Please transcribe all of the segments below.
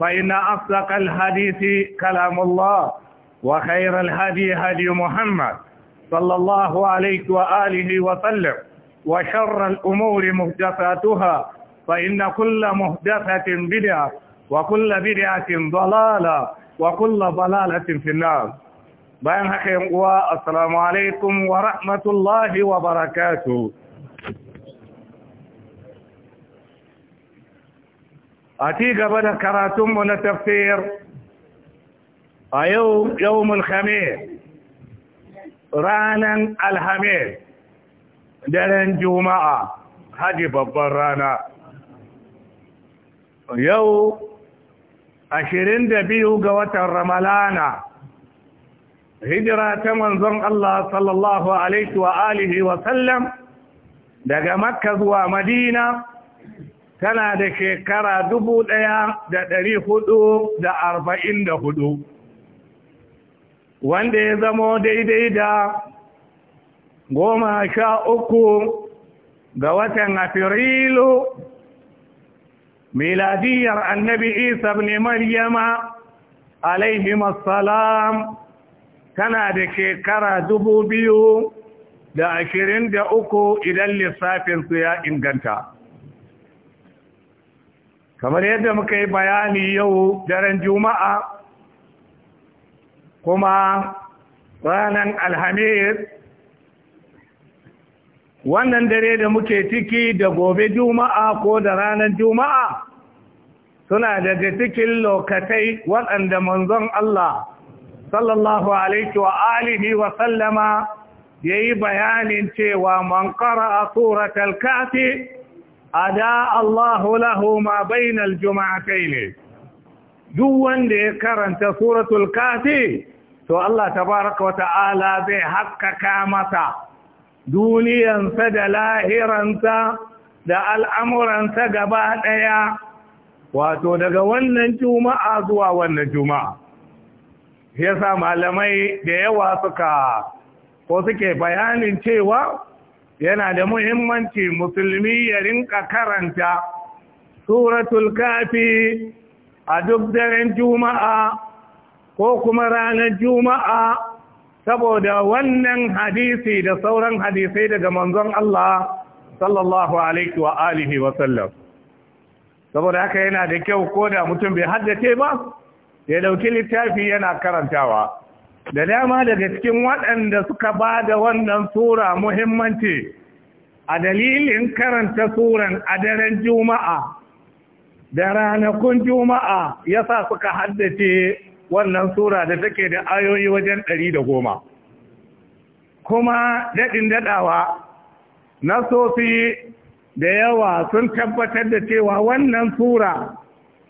فإن أصدق الحديث كلام الله وخير الهدي هدي محمد صلى الله عليه وآله وسلم وشر الأمور مهدفاتها فإن كل مهدفة بدعة وكل بدعة ضلالة وكل ضلالة في النار بين حقين السلام عليكم ورحمة الله وبركاته a ci gaba da karatunmu na tafsir a yau yau khamis ranar alhamis daren juma'a haji babban rana yau ashirin da biyu ga watan ramalana hijira ta manzon Allah sallallahu alaihi wa alihi wa daga makka zuwa madina tana da shekara dubu ɗaya da ɗari hudu da arba'in da hudu wanda ya zamo daidai da goma sha uku ga watan afirilu miladiyar annabi isa ne maryama masalam tana da shekara dubu biyu da ashirin da uku idan lissafinsu ya inganta kamar yadda muka yi bayani yau daren juma'a kuma ranar alhamis wannan dare da muke ciki da gobe juma'a ko da ranar juma'a suna daga cikin lokatai waɗanda manzon Allah sallallahu alaihi wa alihi wa sallama yayi bayanin cewa man qara'a suratal kafi ada Allahu lahu ma bainal ne. duk wanda ya karanta suratul kafi to Allah tabaaraka wa ta'ala zai hakkaka masa Duniyarsa da lahiransa da al'amuransa gaba ɗaya wato daga wannan juma'a zuwa wannan juma'a Yasa malamai da yawa suka ko suke bayanin cewa yana da muhimmanci musulmi ya rinka karanta suratul kafi a duk daren juma'a ko kuma ranar juma'a saboda wannan hadisi da sauran hadisai daga manzon Allah sallallahu alaihi wa alihi wa sallam saboda haka yana da kyau ko da mutum bai haddace ba ya dauki littafi yana karantawa da dama daga cikin waɗanda suka ba da wannan sura muhimmanci a dalilin karanta suran a daren juma'a da ranakun juma'a ya sa suka haddace wannan sura da take da ayoyi wajen ɗari da goma kuma daɗin daɗawa na sofi da yawa sun tabbatar da cewa wannan sura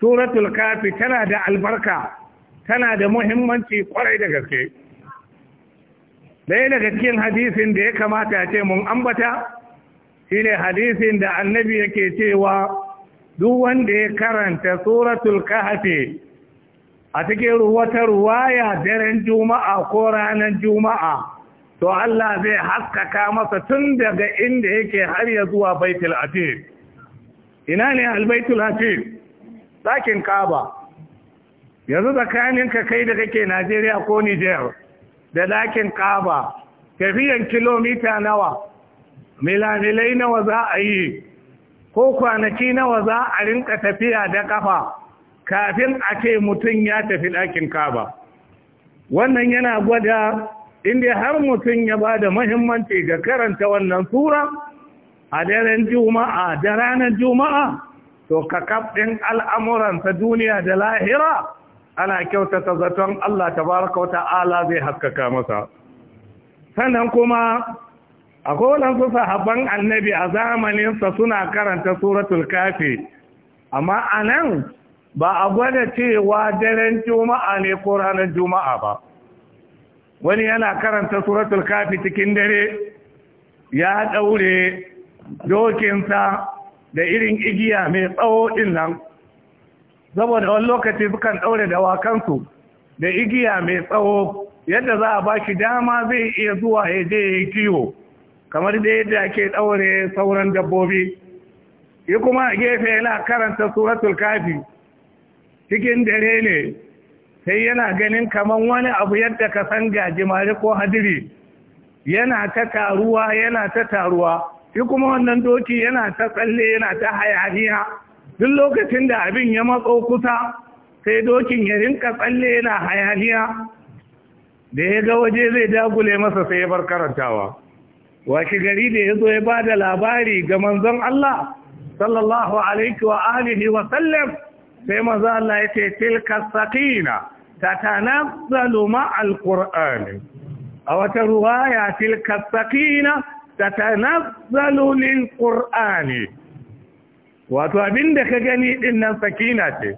suratul kafi tana da albarka tana da muhimmanci kwarai da gaske ɗaya daga cikin hadisin da ya kamata ce mun ambata Shi ne hadisin da annabi yake cewa duk wanda ya karanta suratul kahafi a cikin ruwa ya daren juma'a ko ranar juma'a to Allah zai haskaka masa tun daga inda yake har ya zuwa baitul atir ina ne albaitul atir ɗakin kaba yanzu tsakaninka kai da kake Najeriya ko Niger da ɗakin kaba tafiyan kilomita nawa milamilai nawa za a yi ko kwanaki nawa za a rinka tafiya da ƙafa kafin a ce mutum ya tafi ɗakin kaba wannan yana gwada inda har mutum ya ba da mahimmanci ga karanta wannan sura a daren juma'a da ranar juma'a to ka kafin ɗin al'amuransa duniya da lahira ana kyautata zaton Allah Ta tabaraka wa ta'ala zai haskaka masa sannan kuma akwai wadansu sahabban annabi a zamaninsa suna karanta suratul kafi amma a nan ba a gwada cewa daren juma'a ne ko ranar juma'a ba wani yana karanta suratul kafi cikin dare ya ɗaure dokinsa da irin igiya mai tsawo din nan saboda wani lokaci sukan ɗaure dawakansu da igiya mai tsawo yadda za a ba shi dama zai iya zuwa ya je ya yi kiwo kamar da yadda ake ɗaure sauran dabbobi yi kuma a gefe yana karanta suratul kafi cikin dare ne sai yana ganin kamar wani abu yadda ka san gajimare ko hadiri yana ta taruwa yana ta taruwa shi kuma wannan doki yana ta tsalle yana ta hayaniya duk lokacin da abin ya matso kusa sai dokin ya rinka tsalle yana hayaniya da ya ga waje zai dagule masa sai ya bar karantawa washe gari da ya zo ya ba da labari ga manzon Allah sallallahu alaihi wa alihi wa sallam sai manzon Allah ya ce tilka sakina tatanazzalu ma alqur'an a wata ruwaya tilka sakina tatanazzalu lil qur'ani wato abin da ka gani din nan sakina ce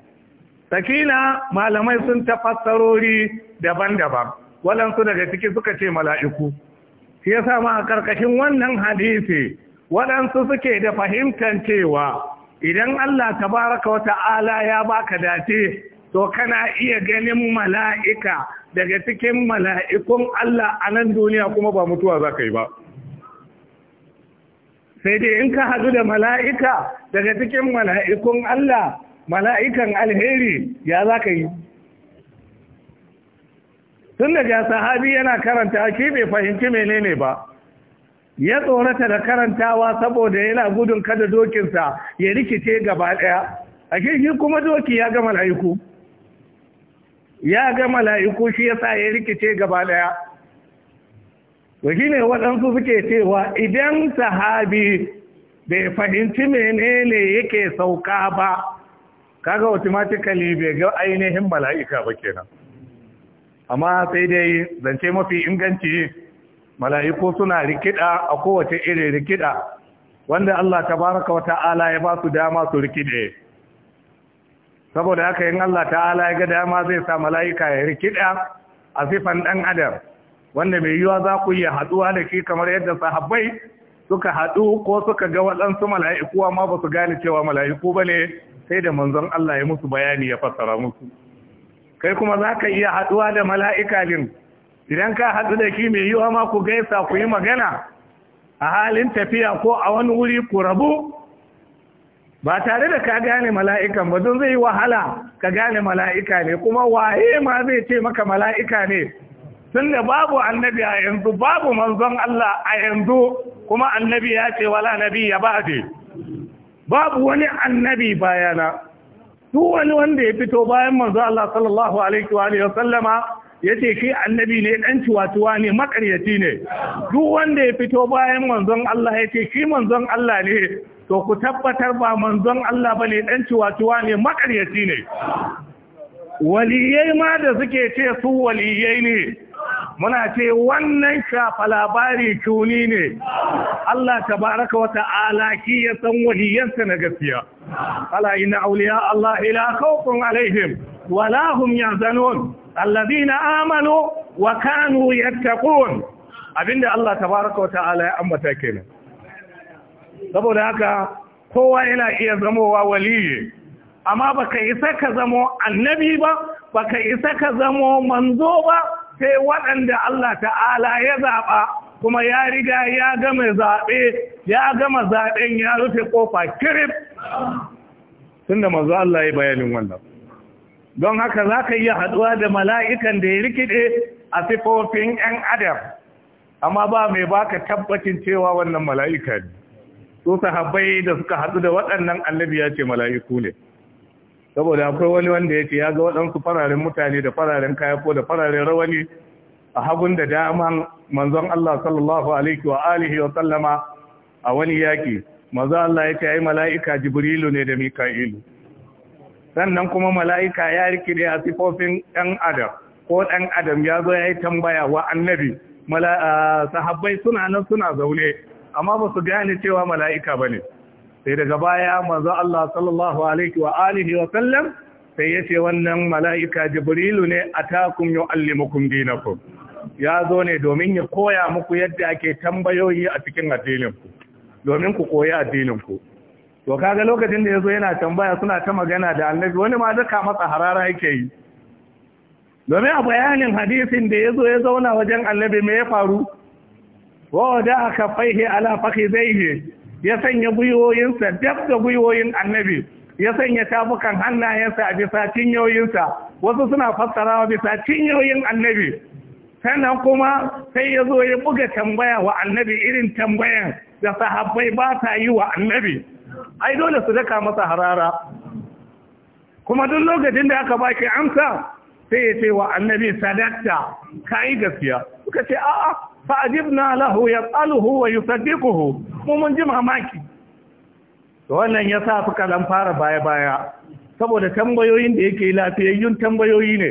sakina malamai sun tafassarori daban-daban walansu daga ciki suka ce mala'iku shi yasa ma a ƙarƙashin wannan hadisi waɗansu suke da fahimtar cewa idan Allah tabaraka wa ta'ala ya baka dace to kana iya ganin mala'ika daga cikin mala'ikun Allah a nan duniya kuma ba mutuwa za ka yi ba sai dai in ka hadu da mala'ika daga cikin mala'ikun Allah mala'ikan alheri ya za ka yi tun daga sahabi yana karanta shi bai fahimci menene ba ya tsorata da karantawa saboda yana gudun kada dokinsa ya rikice gaba ɗaya a kirki kuma doki ya ga mala'iku ya ga mala'iku shi ya sa ya rikice gaba ɗaya to shi ne waɗansu suke cewa idan sahabi bai fahimci menene yake sauka ba kaga automatically bai ga ainihin mala'ika ba kenan amma sai dai zance mafi inganci mala'iku suna rikida a kowace irin rikida wanda Allah tabaraka wa ta'ala ya ba su dama su rikide saboda haka yin Allah ta'ala ya ga dama zai sa mala'ika ya rikida a sifan dan adam wanda mai yiwa za ku iya haduwa da shi kamar yadda sahabbai suka haɗu ko suka ga waɗansu mala'iku amma ba su gane cewa mala'iku ba ne sai da manzon Allah ya musu bayani ya fassara musu kai kuma za ka iya haduwa da mala'ika din idan ka haɗu da shi mai yiwa ma ku gaisa ku yi magana a halin tafiya ko a wani wuri ku rabu ba tare da ka gane mala'ikan ba don zai yi wahala ka gane mala'ika ne kuma waye ma zai ce maka mala'ika ne tun da babu annabi a yanzu babu manzon Allah a yanzu kuma annabi ya ce wala nabi ya ba babu wani annabi bayana duk wani wanda ya fito bayan manzon Allah sallallahu alaihi wa alihi wasallama yace shi annabi ne dan ciwatuwa ne makaryaci ne duk wanda ya fito bayan manzon Allah yace shi manzon Allah ne to ku tabbatar ba manzon Allah bane dan ciwatuwa ne makaryaci ne waliyai ma da suke ce su waliyai ne muna ce wannan shafa labari tuni ne Allah tabaraka wa ta'ala ki ya san wahiyarsa na gaskiya ala inna awliya Allah ila khawfun alaihim wa la yahzanun alladhina amanu wa kanu yattaqun abinda Allah tabaraka wa ta'ala ya ambata kenan saboda haka kowa yana iya zamowa waliyi amma baka isa ka zamo annabi ba baka isa ka zamo manzo ba sai waɗanda Allah ta'ala ya zaɓa kuma ya riga ya gama zaɓe ya gama zaɓen ya rufe ƙofa kirif tun da mazu Allah ya bayanin wannan don haka za ka iya haɗuwa da mala'ikan da ya rikide a sifofin ‘yan adam amma ba mai baka tabbacin cewa wannan mala'ika ne su sahabbai da suka haɗu da waɗannan annabi ya ce mala'iku ne saboda akwai wani wanda ya ce ya ga waɗansu fararen mutane da fararen kaya ko da fararen rawani a hagun da daman manzon Allah sallallahu alaihi wa alihi wa sallama a wani yaki manzon Allah ya ce ai mala'ika jibrilu ne da mika'ilu sannan kuma mala'ika ya rikide a sifofin ɗan adam ko ɗan adam ya zo ya yi tambaya wa annabi sahabbai suna nan suna zaune amma ba su gane cewa mala'ika ba ne sai daga baya manzo Allah sallallahu alaihi wa alihi wa sallam sai ya ce wannan mala'ika jibrilu ne atakum yu'allimukum dinakum ya zo ne domin ya koya muku yadda ake tambayoyi a cikin addininku domin ku koyi addininku to kaga lokacin da yazo yana tambaya suna ta magana da annabi wani ma zaka masa harara yake yi domin a bayanin hadisin da yazo ya zauna wajen annabi me ya faru wa da aka faihi ala fakhidaihi ya sanya gwiwoyinsa dab da gwiwoyin annabi ya sanya tafukan hannayensa a bisa cinyoyinsa wasu suna fassarawa bisa cinyoyin annabi sannan kuma sai ya zo ya buga tambaya wa annabi irin tambayan da sahabbai ba ta yi wa annabi ai dole su daka masa harara kuma duk lokacin da aka ba ki amsa sai ya ce wa annabi sadakta ka yi gaskiya suka ce a'a fa’adibna lahu tsaluhu wa yi mu mun ji mamaki Wannan ya sa suka kalan fara baya baya saboda tambayoyin da yake lafiyayyun tambayoyi ne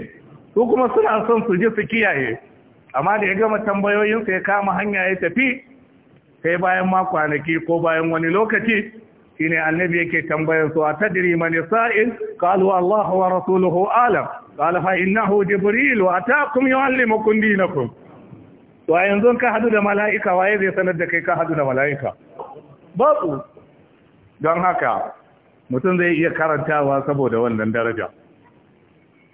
su kuma suna son su ji su kiyaye amma da ya gama tambayoyin ya kama hanya ya tafi sai bayan ma ko bayan wani lokaci shine annabi yake tambayar su a tadiri mani sa’in kalu Allah wa rasuluhu alam qala fa innahu jibril wa ataakum yuallimukum naku. Wa yanzu ka hadu da mala'ika waye zai sanar da kai ka hadu da mala'ika babu don haka mutum zai iya karantawa saboda wannan daraja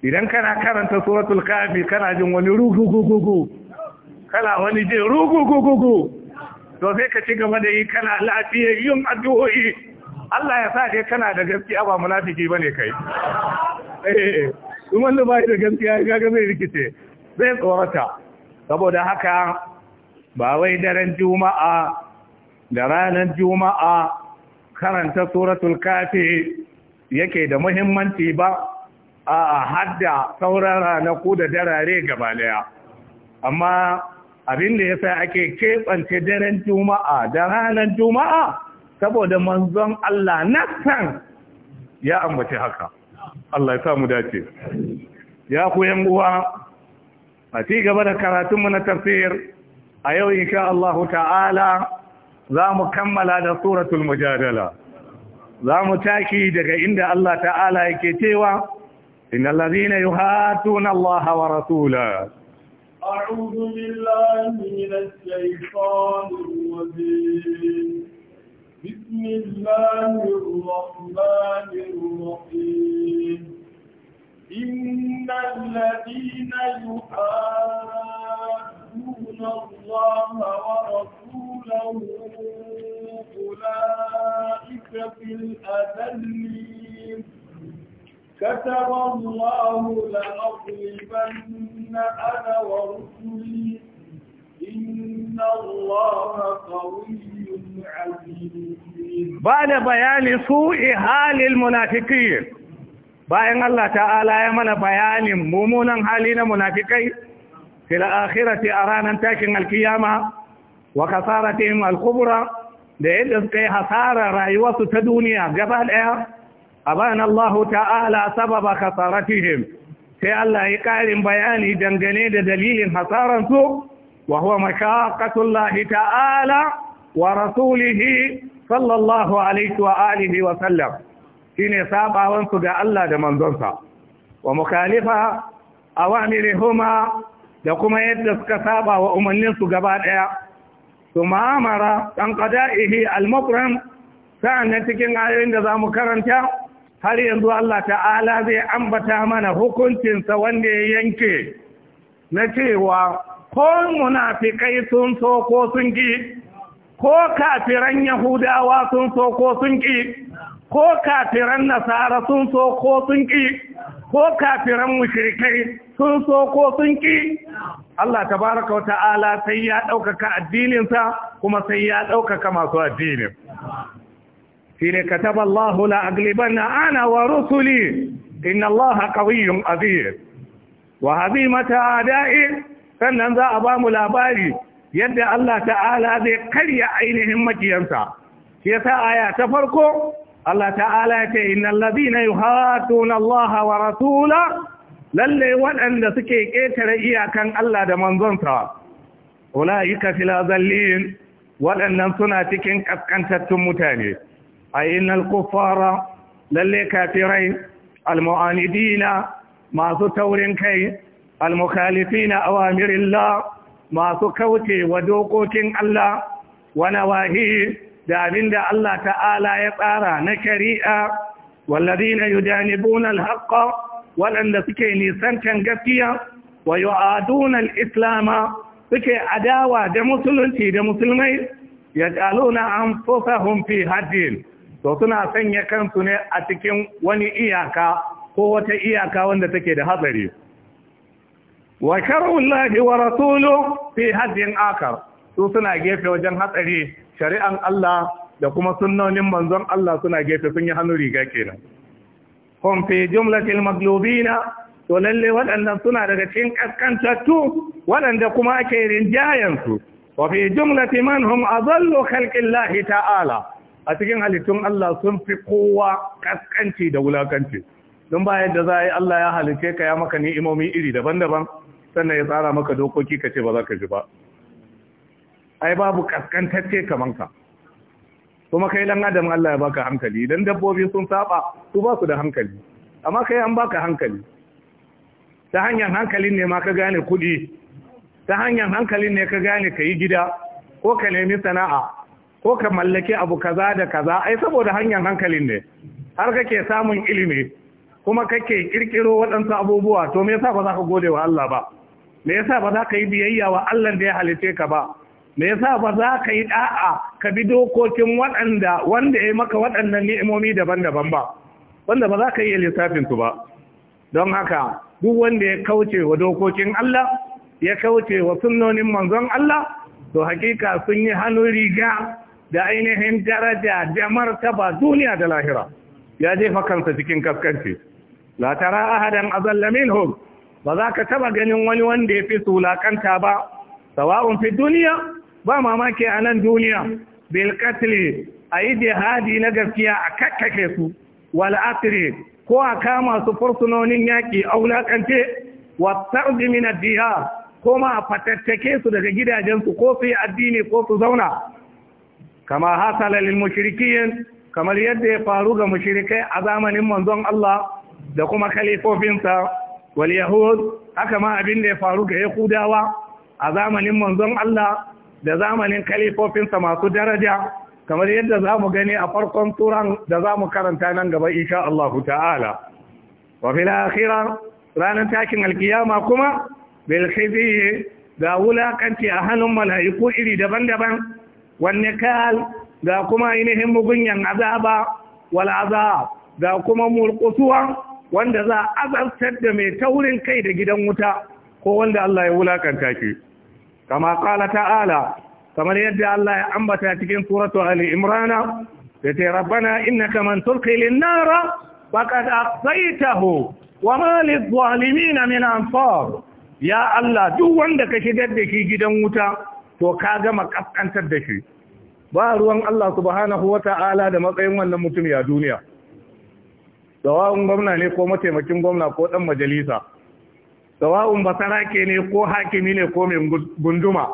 idan kana karanta suratul kafi kana jin wani rugugugugu kana wani jin rugugugugu to sai ka ci gaba da yi kana yin addu'o'i Allah ya sa dai kana da gaskiya ba munafiki bane kai eh kuma ba bai da gaskiya ga ga zai rikice zai tsorata saboda haka ba wai daren juma'a da ranar juma'a karanta suratul kafi yake da muhimmanci ba a hadda sauran ranaku da darare gaba daya amma abin da yasa ake keɓance daren juma'a da ranar juma'a saboda manzon Allah nan ya ambaci haka Allah ya samu dace ya ku yan uwa a ci gaba da karatunmu na tafsir a yau insha Allah ta'ala za mu kammala da suratul mujadala za mu taki daga inda Allah ta'ala yake cewa innal ladhina yuhatuna Allah wa rasula أعوذ بالله من الشيطان الرجيم بسم الله الرحمن الرحيم إن الذين يحادون الله ورسوله أولئك في الأذلين كتب الله لأضربن أنا ورسلي إن الله قوي عزيز بعد بيان سوء حال المنافقين bayan Allah ta'ala ya mana bayanin mummunan hali na munafikai fil akhirati a ranar takin alkiyama wa kasaratihim al da yadda suka yi hasara rayuwarsu ta duniya gaba daya abana Allah ta'ala sababa kasaratihim sai Allah ya karin bayani dangane da dalilin hasararsu, wa huwa mashaqatullahi ta'ala wa rasulihi sallallahu alaihi wa alihi wa sallam Shi shine sabawansu ga Allah da manzonsa wa mukhalifa awamirihuma da kuma yadda suka saba wa umarninsu gaba ɗaya su ma'amara ƙada qada'ihi al sa'an na cikin ayoyin da za mu karanta har yanzu Allah ta'ala zai ambata mana hukuncinsa wanda ya yanke na cewa ko munafikai sun so ko sun ki ko kafiran yahudawa sun so ko sun ki ko kafiran nasara sun so ko sun ƙi ko kafiran mushrikai sun so ko sun ƙi Allah tabaraka wa ta'ala sai ya ɗaukaka addininsa kuma sai ya ɗaukaka masu addinin shi ne kataba Allahu la aglibanna ana wa rusuli inna Allah qawiyyun azim wa hazimata ada'i sannan za a ba mu labari yadda Allah ta'ala zai karya ainihin makiyansa shi yasa aya ta farko Allah ta'ala ya ce innal ladina yuhatuna Allah wa rasula lalle waɗanda suke ƙetare iyakan Allah da manzonsa ka fil azallin waɗannan suna cikin ƙasƙantattun mutane a innal kuffara lalle kafirai almu'anidina masu taurin kai almukhalifina awamirillah masu kauce wa dokokin Allah wa nawahi da abinda Allah ta'ala ya tsara na shari'a na yujanibuna al-haqqa waɗanda suke nisancin gaskiya wa yu'aduna islama suke adawa da musulunci da musulmai an anfusahum fi hadin to suna sanya kansu ne a cikin wani iyaka ko wata iyaka wanda take da hatsari wa shar'ullahi wa rasuluhu fi hadin akar su suna gefe wajen hatsari shari'an Allah da kuma sunnonin manzon Allah suna gefe sun yi hannu riga kenan hum fi jumlatil maglubina to lalle waɗannan suna daga cikin kaskantattu waɗanda kuma ake rinjayen su wa fi jumlati man hum adallu khalqillahi ta'ala a cikin halittun Allah sun fi kowa ƙasƙanci da wulakanci don ba yadda za a yi Allah ya halice ka ya maka ni'imomi iri daban-daban sannan ya tsara maka dokoki ka ce ba za ka ji ba ai babu kaskantacce kaman ka kuma kai dan adam Allah ya baka hankali idan dabbobi sun saba su ba su da hankali amma kai an baka hankali ta hanyar hankalin ne ma ka gane kudi ta hanyar hankalin ne ka gane ka yi gida ko ka nemi sana'a ko ka mallaki abu kaza da kaza ai saboda hanyar hankalin ne har kake samun ilimi kuma kake kirkiro waɗansu abubuwa to me yasa ba za ka gode wa Allah ba me yasa ba za ka yi biyayya wa Allah da ya halice ka ba me yasa ba za ka yi ɗa'a ka bi dokokin waɗanda wanda ya maka waɗannan ni'imomi daban-daban ba wanda ba za ka iya lissafin su ba don haka duk wanda ya kauce wa dokokin Allah ya kauce wa sunnonin manzon Allah to hakika sun yi hannun riga da ainihin daraja da martaba duniya da lahira ya jefa kansa cikin kaskanci la tara ahadan azalla minhum ba za ka taba ganin wani wanda ya fi sulakanta ba sawa'un fi duniya ba mamaki a nan duniya bil a yi jihadi na gaskiya a kakkake su wal ko a kama su fursunonin yaƙi a wa tardi min ad koma a fatattake su daga gidajensu ko su yi addini ko su zauna kama hasala lil kamar yadda ya faru ga mushirikai a zamanin manzon Allah da kuma kalifofinsa. wal yahud haka ma abin da ya faru ga yahudawa a zamanin manzon Allah da zamanin kalifofinsa masu daraja kamar yadda za mu gani a farkon turan da za mu karanta nan gaba insha Allah ta'ala wa fil ranar takin alkiyama kuma bil khizi da wulakanci a hannun mala'iku iri daban-daban wanne kal da kuma ainihin mugunyan azaba wala azab da kuma mulkusuwa wanda za a azabtar da mai taurin kai da gidan wuta ko wanda Allah ya wulakanta ki kama qala ta'ala kamar yadda Allah ya ambata cikin suratu ali imrana yace rabbana innaka man tulqi lin-nara faqad aqsaytahu wama lidh-dhalimin min ansar ya Allah duk wanda ka shigar da shi gidan wuta to ka gama kaskantar da shi ba ruwan Allah subhanahu ta'ala da matsayin wannan mutum ya duniya sawa'un gwamna ne ko mataimakin gwamna ko dan majalisa sawa'un ke ne ko hakimi ne ko mai gunduma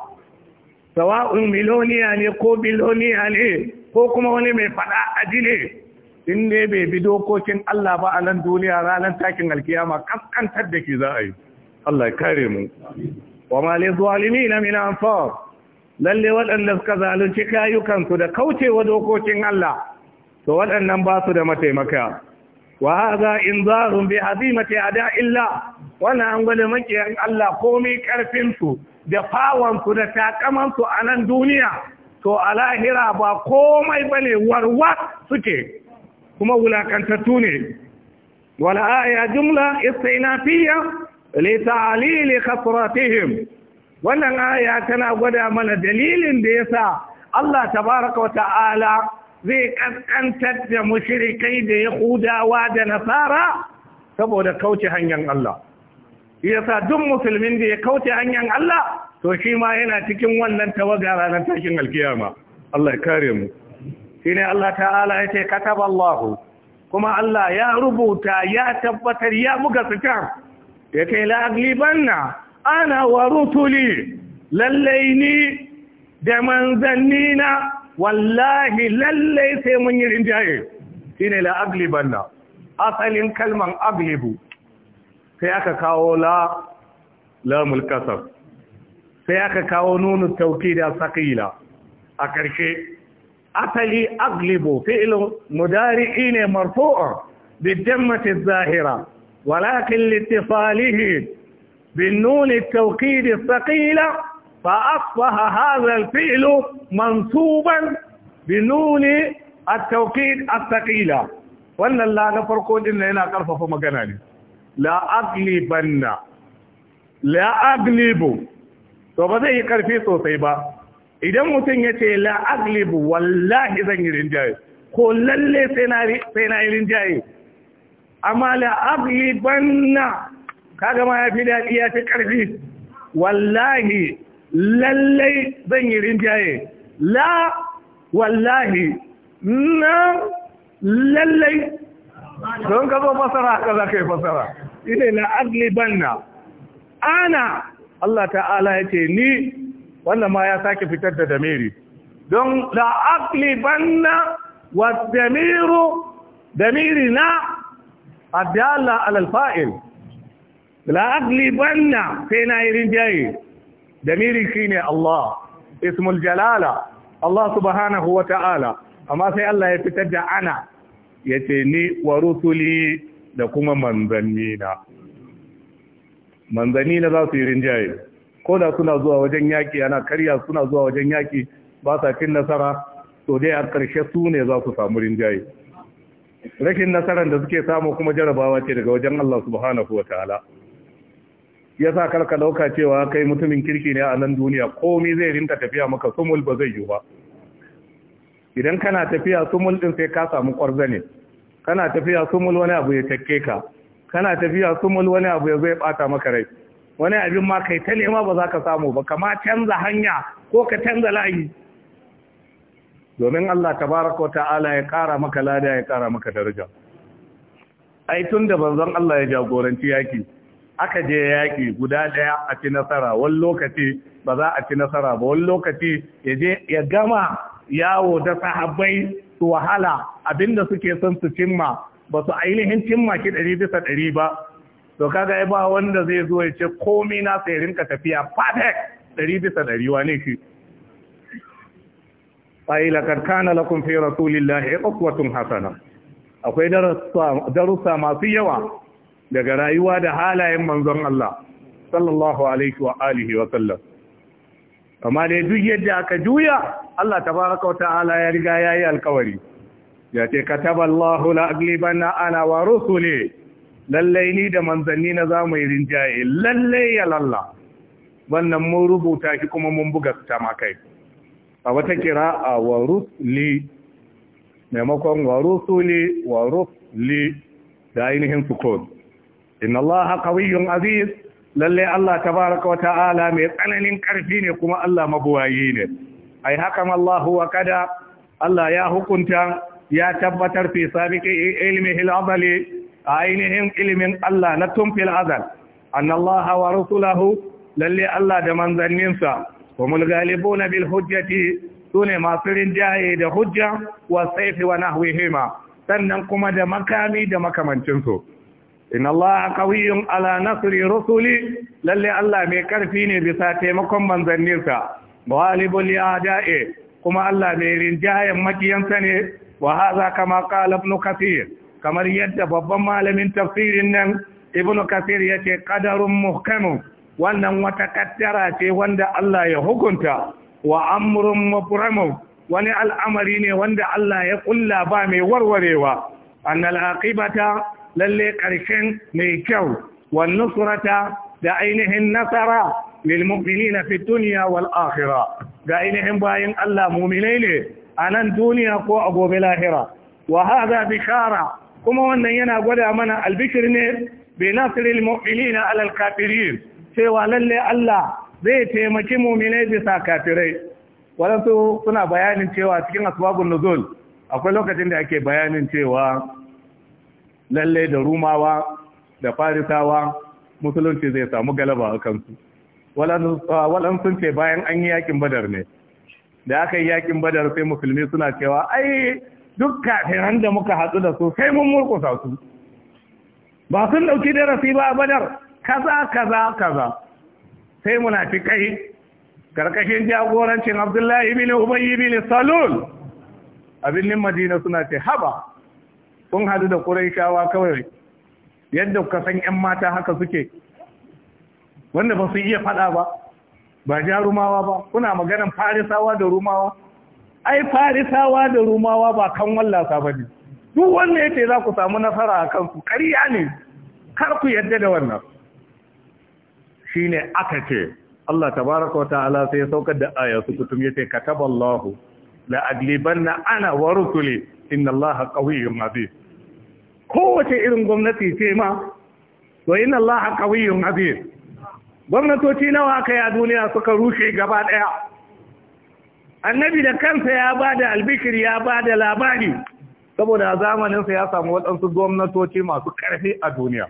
sawa'un miloniya ne ko biloniya ne ko kuma wani mai fada aji ne in ne bai bi dokokin Allah ba a nan duniya ranar takin alkiyama kaskantar da ke za a yi Allah kare mu wa ma li zalimin min anfar lalle waɗanda suka zalunci kayukansu da kaucewa dokokin Allah to waɗannan ba su da mataimaka wa haza inzarun bi hazimati ada illa wannan an gwada makiyan Allah komai karfin su da fawon su da takaman su a nan duniya to a lahira ba komai bane warwa suke kuma wulakantattu ne wal aya jumla istinafiyya li ta'lil khasratihim wannan aya tana gwada mana dalilin da yasa Allah tabaraka wa ta'ala zai ƙasƙantar da mushirikai da yahudawa da nasara saboda kauce hanyar Allah yasa duk musulmin da ya kauce hanyar Allah to shi ma yana cikin wannan tawaga ranar tashin alkiyama Allah ya kare mu ne Allah ta'ala ya ce kataballahu kuma Allah ya rubuta ya tabbatar ya buga sitar ya ce la'aglibanna ana wa rusuli lallai ni da manzannina والله للي سيمني الانتهاء هنا لا أغلب أنا أصل الكلمة أغلب في أكاكا ولا لا ملكسر في أكاكا ونون التوكيد الثقيلة أكاكي أصل أغلب في إين مرفوع بالجمة الظاهرة ولكن لاتصاله بالنون التوكيد الثقيله فأصبح هذا الفعل منصوبا بنون التوكيد الثقيلة وأن الله نفر قول إلا هنا قرفة فما قناني لا أقلبن لا أغلب فبدأ يقرفي صوتيبا إذا متن يتي لا أقلب والله ذنج الإنجاي قول للي sai الإنجاي أما لا أقلبن la'abliban na kaga ma ya fi lallai zan yi rinjaye la wallahi na lallai don ka zo fasara haka za ka yi fasara Ina na agliban ana Allah ta'ala ya ce ni wannan ma ya sake fitar da damiri don la agliban na wa damiru damiri na adala alalfa'il la agliban sai na yi rinjaye damiri shine Allah ismul jalala Allah subhanahu wa ta'ala amma sai Allah ya fitar da ana yace ni wa rusuli da kuma manzannina manzannina za su yi rinjaye ko da suna zuwa wajen yaki ana karya suna zuwa wajen yaki ba sa cin nasara to dai a ƙarshe su ne za su samu rinjaye rashin nasarar da suke samu kuma jarabawa ce daga wajen Allah subhanahu wa ta'ala ya sa karka dauka cewa kai mutumin kirki ne a nan duniya komi zai rinta tafiya maka sumul ba zai yi ba idan kana tafiya sumul din sai ka samu kwarza ne kana tafiya sumul wani abu ya takke ka kana tafiya sumul wani abu ya zai bata maka rai wani abin ma kai ta nema ba za ka samu ba kama canza hanya ko ka canza layi domin Allah tabaraka wa ta'ala ya kara maka lada ya kara maka daraja ai tunda da banzan Allah ya jagoranci yaki aka je yaƙi guda ɗaya a ci nasara wani lokaci ba za a ci nasara ba wani lokaci ya gama yawo da sahabbai su wahala abinda suke son su cimma ba su ainihin cimma ki ɗari bisa ɗari ba to kaga ya ba wanda zai zo ya ce komi na sai rinka tafiya perfect ɗari bisa ɗari wane shi ai lakad kana lakum fi rasulillahi uswatun hasana akwai darussa masu yawa daga rayuwa da halayen manzon Allah sallallahu alaihi wa alihi wa sallam amma dai duk yadda aka juya Allah tabaraka ta'ala ya riga yayi alkawari ya ce kataballahu la aglibanna ana wa rusuli lallai ni da manzanni na zamu rinjaye lallai ya lalla wannan mun rubuta shi kuma mun buga ta kai." a wata kira a wa rusuli maimakon wa rusuli wa rusuli da ainihin sukun inna allaha qawiyyun aziz lalle Allah tabaraka wata'ala mai tsananin karfi ne kuma Allah mabuwayi ne ai hakan Allahu wa kada Allah ya hukunta ya tabbatar fi sabiqi ilmihi al-azali ainihin ilmin Allah na tumfil azal anna Allah wa rusulahu lalle Allah da manzanninsa humul galibuna bil hujjati sune masu rinjaye da hujja wa saifi wa nahwihima sannan kuma da makami da makamancinsu inna Allah qawiyyun ala nasri rusuli lalle Allah mai karfi ne bisa taimakon manzanninsa ghalibul a'da'i kuma Allah mai rinjayen makiyansa ne wa hadha kama qala ibn kathir kamar yadda babban malamin tafsirin nan ibn kathir yace qadarun muhkamun wannan wata kaddara ce wanda Allah ya hukunta wa amrun mubram wani al'amari ne wanda Allah ya kulla ba mai warwarewa annal aqibata lalle ƙarshen mai kyau wal nusrata da ainihin nasara lil mu'minina fi dunya wal akhirah ga ainihin bayin Allah mu'minai ne a nan duniya ko a gobe lahira wa hadha bishara kuma wannan yana gwada mana albishir ne bi nasril mu'minina alal kafirin cewa lalle Allah zai taimaki mu'minai bisa kafirai Wadansu suna bayanin cewa cikin asbabun nuzul akwai lokacin da ake bayanin cewa lalle da rumawa da farisawa musulunci zai samu galaba a kansu walan ah, sun ce bayan an yi yakin badar ne da aka yi yakin badar sai musulmi suna cewa ai duk kafin da muka hatsu da su sai mun murkusa su ba sun dauki darasi ba a badar kaza kaza kaza sai muna fi kai karkashin jagorancin abdullahi bin ubayy bin salul abin madina suna ce haba kun hadu da shawa kawai yadda ka san ƴan mata haka suke wanda ba su iya fada ba ba ja ba kuna maganan farisawa da rumawa ai farisawa da rumawa ba kan wallasa bane duk wanda yace za ku samu nasara a kansu karya ne kar ku yadda da wannan shine aka ce Allah tabaraka wa ta'ala sai ya saukar da ayatu su kutum yace kataballahu la aglibanna ana wa rusuli inna allaha qawiyyun aziz kowace irin gwamnati ce ma wa inna allaha qawiyyun aziz gwamnatoci nawa aka yi a duniya suka rushe gaba daya annabi da kansa ya ba da albikir ya ba da labari saboda zamanin zamaninsa ya samu wadansu gwamnatoci masu ƙarfi a duniya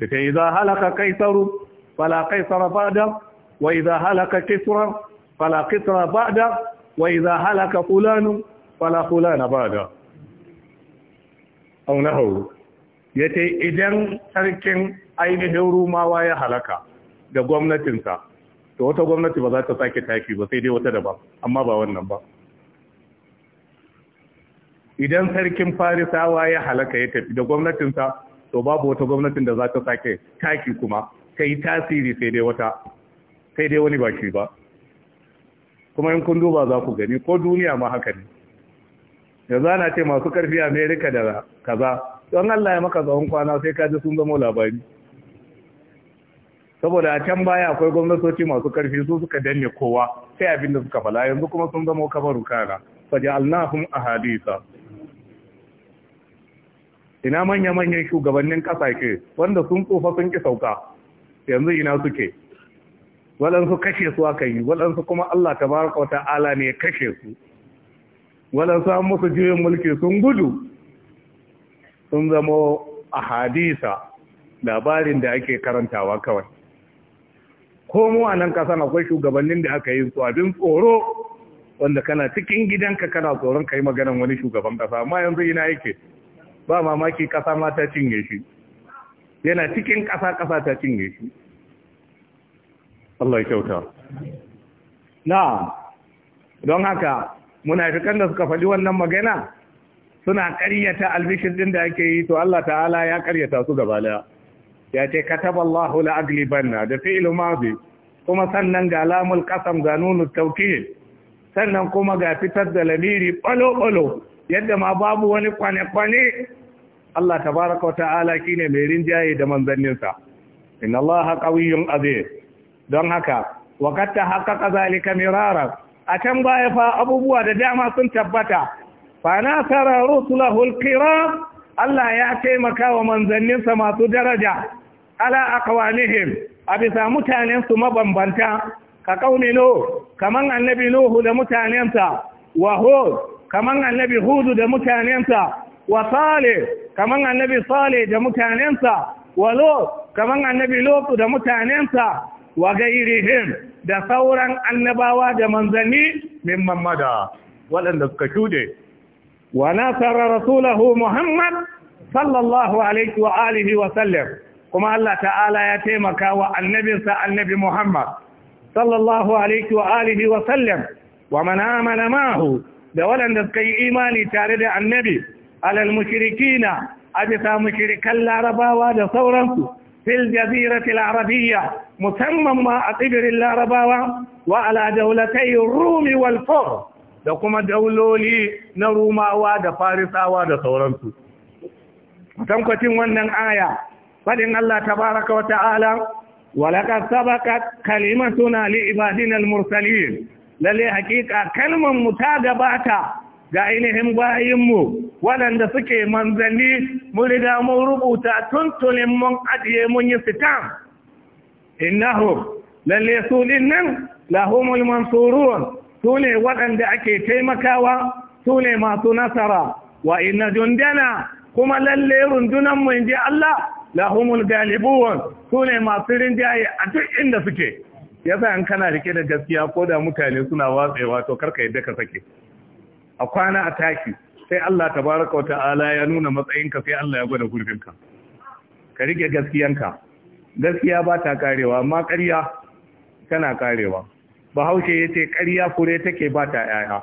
da ta yi za halaka kaisaru fala kaisara bada wa iza halaka kisra fala kisra bada وإذا هلك فلان فلا فلان بعد ba'da نهو يتي إذن idan sarkin هورو ما ويا halaka da gwamnatinsa to wata gwamnati ba za ta sake taki ba sai dai wata daban amma ba wannan ba idan sarkin farisawa ya halaka ya tafi da gwamnatinsa to babu wata gwamnatin da za ta sake taki kuma ta yi tasiri sai dai wata sai dai wani baki ba kuma in kun duba za ku gani ko duniya ma haka ne Yanzu ana ce masu karfi amerika da kaza don allah ya maka tsawon kwana sai ka ji sun zama labari saboda a can baya akwai gwamnatoci masu karfi su suka danne kowa sai abin da suka fala yanzu kuma sun zama kabaru kana faji alnahum ahadisa ina manya-manyan shugabannin kasashe wanda sun tsufa sun ki sauka yanzu ina suke waɗansu kashe su aka yi waɗansu kuma Allah ta baraka wata ala ne kashe su waɗansu an musu juyin mulki sun gudu sun zama a hadisa labarin da ake karantawa kawai ko mu a nan ƙasan akwai shugabannin da aka yi su abin tsoro wanda kana cikin gidanka kana tsoron ka yi maganan wani shugaban kasa amma yanzu ina yake ba mamaki kasa ma ta cinye shi yana cikin ƙasa kasa ta cinye shi Allah ya kyauta na'am don haka munafikan da suka faɗi wannan magana suna ƙaryata albishir ɗin da ake yi to Allah ta'ala ya ƙaryata su gaba da ya ce kataballahu banna da fi'lu kuma sannan ga lamul qasam ga nunu tawkil sannan kuma ga fitar da lamiri balo balo yadda ma babu wani kwane kwane Allah tabaraka wa ta'ala ne mai rinjaye da manzanninsa inna Allah wiyun abin. don haka waƙar ta haƙaƙa zalika mirara a can baya fa abubuwa da dama sun tabbata fa na tara rusulahul kiram Allah ya taimaka wa manzanninsa masu daraja ala aqwanihim a bisa mutanensu mabambanta ka kauni no kaman annabi nuhu da mutanensa wa hud kaman annabi hudu da mutanensa wa sale, kaman annabi Sale da mutanensa wa lut kaman annabi lut da mutanensa wa gairihim da sauran annabawa da manzanni min mamada waɗanda suka shuɗe wa nasara rasulahu muhammad sallallahu alaihi wa alihi wa sallam kuma Allah ta'ala ya taimaka wa annabinsa annabi muhammad sallallahu alaihi wa alihi wa sallam wa man amana ma'ahu da waɗanda suka yi imani tare da annabi alal mushrikina a bisa mushrikan larabawa da sauransu fil jazirati al-arabiyya musamman ma a tsibirin larabawa wa ala daulatai rumi wal da kuma dauloli na rumawa da farisawa da sauransu tankwacin wannan aya faɗin Allah tabaraka wa ta'ala walaqad sabaqat kalimatuna li ibadina al-mursalin Lallai haƙiƙa kalmar mu ta gabata ga ainihin bayinmu waɗanda suke manzanni mu riga mun rubuta tuntunin mun ajiye mun yi fitan innahu lalle su nan lahumul mansurun su ne waɗanda ake taimakawa su ne masu nasara wa inna jundana kuma lalle rundunan mu ji Allah lahumul galibuwan su ne masu rinjaye a duk inda suke yasa in kana rike da gaskiya ko da mutane suna watsewa to karka yadda ka sake a kwana a tashi sai Allah tabaraka wa ta'ala ya nuna matsayinka sai Allah ya gwada gurbinka ka rike gaskiyanka gaskiya ba ta karewa amma ƙarya tana karewa bahaushe ya ce ƙarya fure take ba ta 'ya'ya.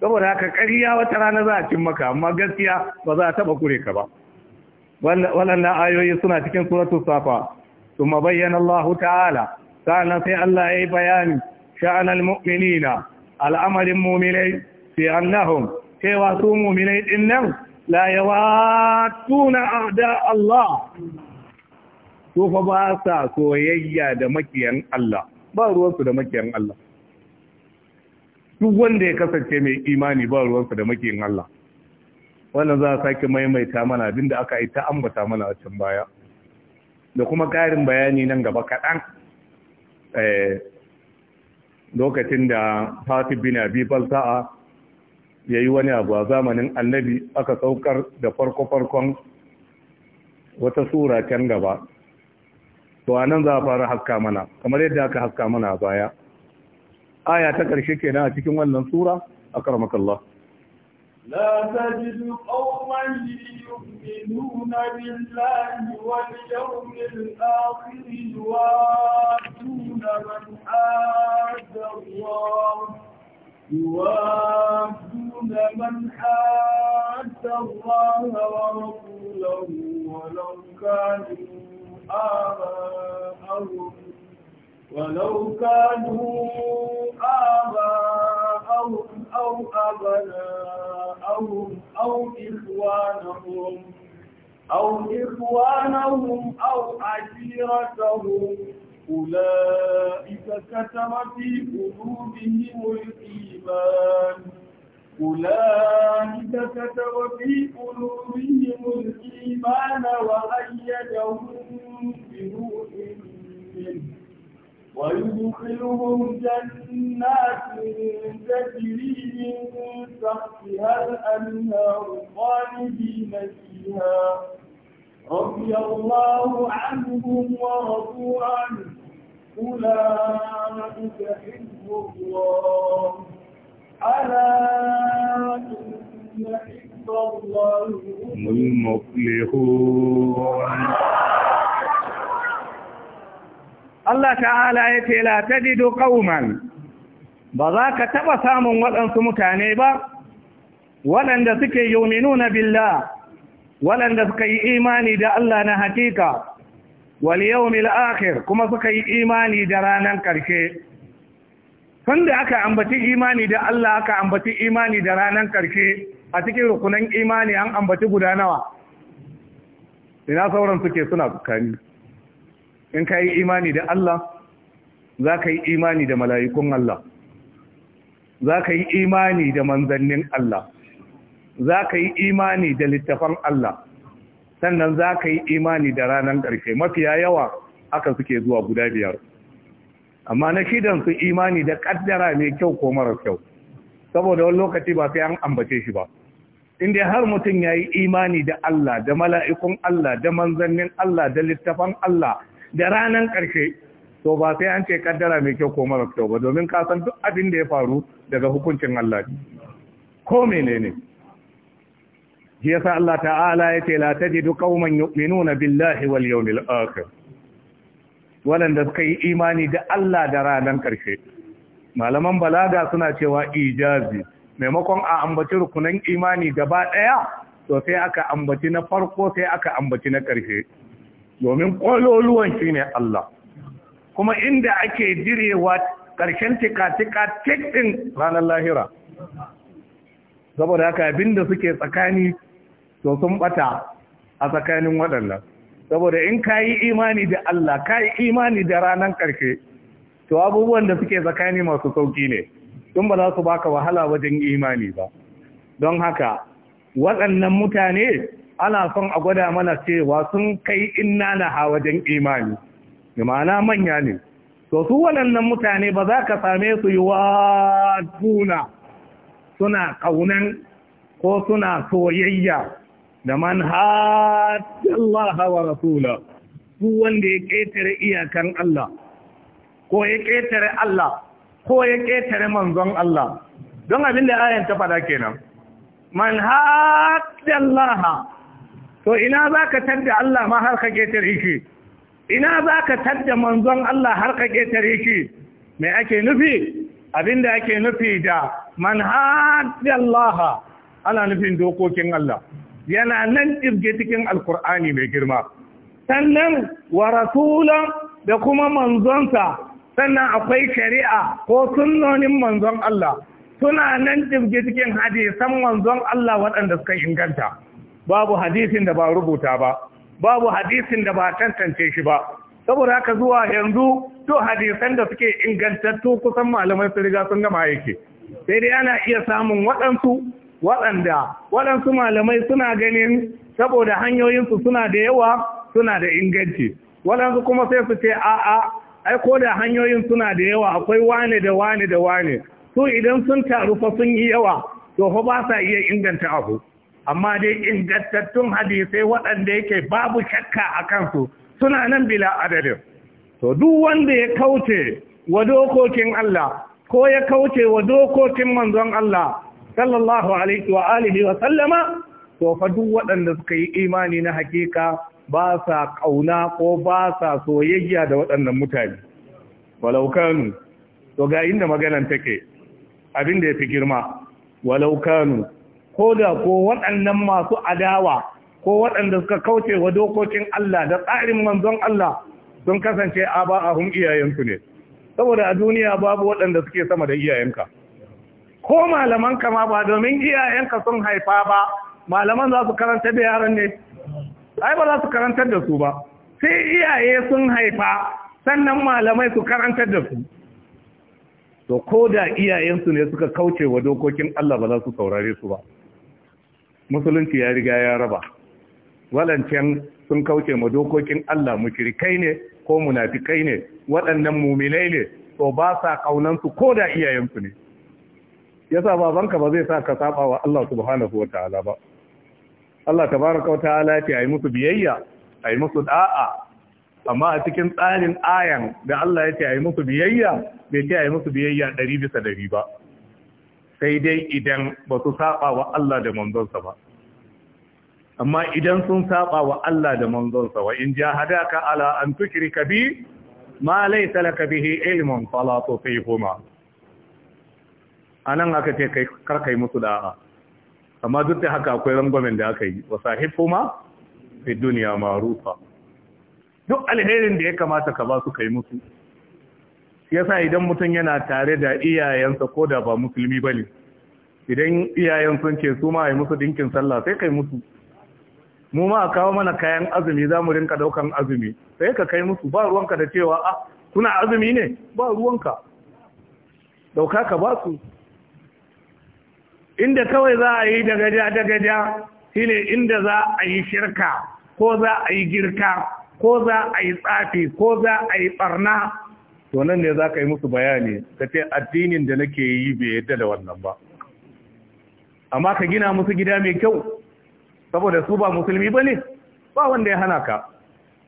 saboda haka ƙarya wata rana za a cin maka amma gaskiya ba za a taɓa kure ka ba waɗannan ayoyi suna cikin suratu safa ثم بين ta'ala تعالى sai allah ya yi بيان شأن muminina, al'amarin muminai. bi annahum cewa su mu'minai din nan la yawatuna a'da Allah Tufa ba sa soyayya da makiyan Allah ba ruwansu da makiyan Allah duk wanda ya kasance mai imani ba ruwansu da makiyan Allah wannan za a sake maimaita mana abinda aka yi ta ambata mana a can baya da kuma ƙarin bayani nan gaba kaɗan lokacin da fatih bin abi balsa'a ya yi wani abu a zamanin annabi aka saukar da farko-farkon wata sura can gaba to a nan za a fara haska mana kamar yadda aka haska mana a baya aya ta ƙarshe kenan a cikin wannan sura a karmakallah لا يوافون من حاد الله ورسوله ولو كانوا آباءهم ولو كانوا آباءهم أو أبناءهم أو إخوانهم أو إخوانهم أو عشيرتهم أولئك كتب في قلوبهم الإيمان أولئك كتب في قلوبهم الإيمان وأيدهم بروح منه ويدخلهم جنات تجري من تحتها الأنهار خالدين فيها رضي الله عنهم ورضوا عنه أولئك حزب الله ألا إن حزب الله المفلحون Allah ta'ala ya ce la tajidu qauman ba za ka taɓa samun waɗansu mutane ba waɗanda suke yuminuna billah waɗanda suka yi imani da Allah na hakika wal yawmil akhir kuma suka yi imani da ranan karshe tunda aka ambaci imani da Allah aka ambaci imani da ranan karshe a cikin rukunan imani an ambaci guda nawa ina sauran suke suna bukani in ka yi imani da Allah za ka yi imani da mala'ikun Allah za ka yi imani da manzannin Allah za ka yi imani da littafan Allah sannan za ka yi imani da ranar ƙarshe mafiya yawa aka suke zuwa guda biyar amma na shidan su imani da ƙaddara mai kyau ko mara kyau saboda wani lokaci ba sai an ambace shi ba inda har mutum ya yi imani da Allah da mala'ikun Allah da manzannin Allah da littafan Allah da ranar ƙarshe to ba sai an ce ƙaddara mai kyau ko mara kyau ba domin kasan duk abin da ya faru daga hukuncin Allah ko menene shi yasa Allah ta'ala yace la tajidu qauman yu'minuna billahi wal yawmil akhir walanda suka yi imani da Allah da ranar karshe malaman balaga suna cewa ijazi maimakon a ambaci rukunan imani gaba daya to sai aka ambaci na farko sai aka ambaci na karshe domin kololuwan shine Allah kuma inda ake jirewa karshen tika-tika tik din ranar lahira saboda haka abinda suke tsakani to sun bata a tsakanin waɗannan saboda in ka yi imani da Allah ka yi imani da ranar ƙarfe, to abubuwan da suke tsakani masu sauƙi ne sun ba za su baka wahala wajen imani ba don haka waɗannan mutane ana son a gwada mana cewa sun kai inna ha wajen imani ma'ana manya ne to su waɗannan mutane ba za ka same su yi wa suna ƙaunan ko suna soyayya da man Allah wa rasula duk wanda ya ƙetare iyakan Allah ko ya ƙetare Allah ko ya ƙetare manzon Allah don abin da ayan ta fada kenan man Allah to ina zaka tadda Allah ma har ka ƙetare shi ina zaka tadda manzon Allah har ka ƙetare shi me ake nufi abin da ake nufi da man Allah, ana nufin dokokin Allah yana nan ɗirge cikin alkur'ani mai girma sannan wa rasulan da kuma manzonsa sannan akwai shari'a ko sunnonin manzon Allah suna nan ɗirge cikin hadisan manzon Allah waɗanda suka inganta babu hadisin da ba rubuta ba babu hadisin da ba tantance shi ba saboda haka zuwa yanzu to hadisan da suke ingantattu kusan malamai su riga sun gama yake sai dai ana iya samun waɗansu waɗanda waɗansu malamai suna ganin saboda hanyoyinsu suna da yawa suna da inganci waɗansu kuma sai su ce a'a ai ko da hanyoyin suna da yawa akwai wane da wane da wane su idan sun taru fa sun yi yawa to fa ba sa iya inganta abu amma dai ingantattun hadisai waɗanda yake babu shakka a kansu suna nan bila adadin to duk wanda ya kauce wa dokokin Allah ko ya kauce wa dokokin manzon Allah sallallahu alaihi wa alihi wa sallama to fa duk waɗanda suka yi imani na hakika ba sa kauna ko ba sa soyayya da waɗannan mutane walau kanu to ga inda maganan take abin da yafi girma walau kanu ko da ko waɗannan masu adawa ko waɗanda suka kauce wa dokokin Allah da tsarin manzon Allah sun kasance a aba'ahum iyayensu ne saboda a duniya babu waɗanda suke sama da iyayenka ko malaman ma ba domin iyayenka sun haifa ba malaman za su karanta da yaran ne ai ba za su karantar da su ba sai iyaye sun haifa sannan malamai su karantar da su to ko da iyayensu ne suka kauce wa dokokin Allah ba za su saurare su ba musulunci ya riga ya raba walancan sun kauce ma dokokin Allah mushrikai ne ko munafikai ne waɗannan muminai ne to ba sa kaunansu ko da iyayensu ne yasa babanka ba zai sa ka saba wa Allah subhanahu wa ta'ala ba Allah tabaraka wa ta'ala ya ce ayi musu biyayya ayi musu da'a amma a cikin tsarin ayan da Allah ya ce a musu biyayya bai ce a musu biyayya ɗari bisa ɗari ba sai dai idan ba su saba wa Allah da manzonsa ba amma idan sun saba wa Allah da manzonsa wa in jahadaka ala an tushrika bi ma laysa laka bihi ilmun fala tusihuma a nan aka ce kai karkai musu da'a amma duk da haka akwai rangwamen da aka yi wa sahifu ma fi duniya marufa duk alherin da ya kamata ka ba su kai musu yasa idan mutum yana tare da iyayensa ko da ba musulmi ba ne idan iyayen sun ce su ma yi musu dinkin sallah sai kai musu mu ma kawo mana kayan azumi za mu rinka daukan azumi sai ka kai musu ba ruwanka da cewa ah kuna azumi ne ba ruwanka dauka ka ba su inda kawai za a yi da gaja da gaja shine inda za a yi shirka ko za a yi girka ko za a yi tsafi ko za a yi barna to nan ne za ka yi musu bayani ka ce addinin da nake yi bai yadda da wannan ba amma ka gina musu gida mai kyau saboda su ba musulmi ba ne ba wanda ya hana ka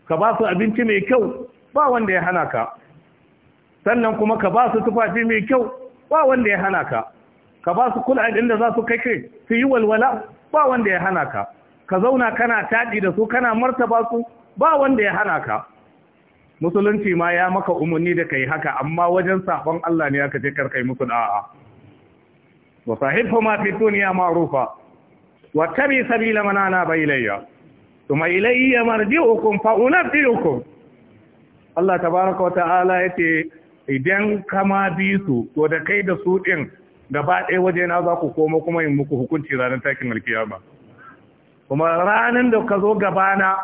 ka ba su abinci mai kyau ba wanda ya hana ka sannan kuma ka ba su tufafi mai kyau ba wanda ya hana ka ka ba su kula inda za su kai su yi walwala ba wanda ya hana ka ka zauna kana taɗi da su kana martaba su ba wanda ya hana ka musulunci ma ya maka umarni da kai haka amma wajen saɓon Allah ne aka je karkai musu da'a wa sahibhu ma fi dunya ma'rufa wa tabi sabila manana ana bailayya kuma ilayya marji'ukum fa unabbi'ukum Allah tabaraka wa ta'ala yace idan kama bi su to da kai da su din gaba ɗaya waje na za ku koma kuma in muku hukunci ranar takin alkiyama kuma ranar da ka zo gaba na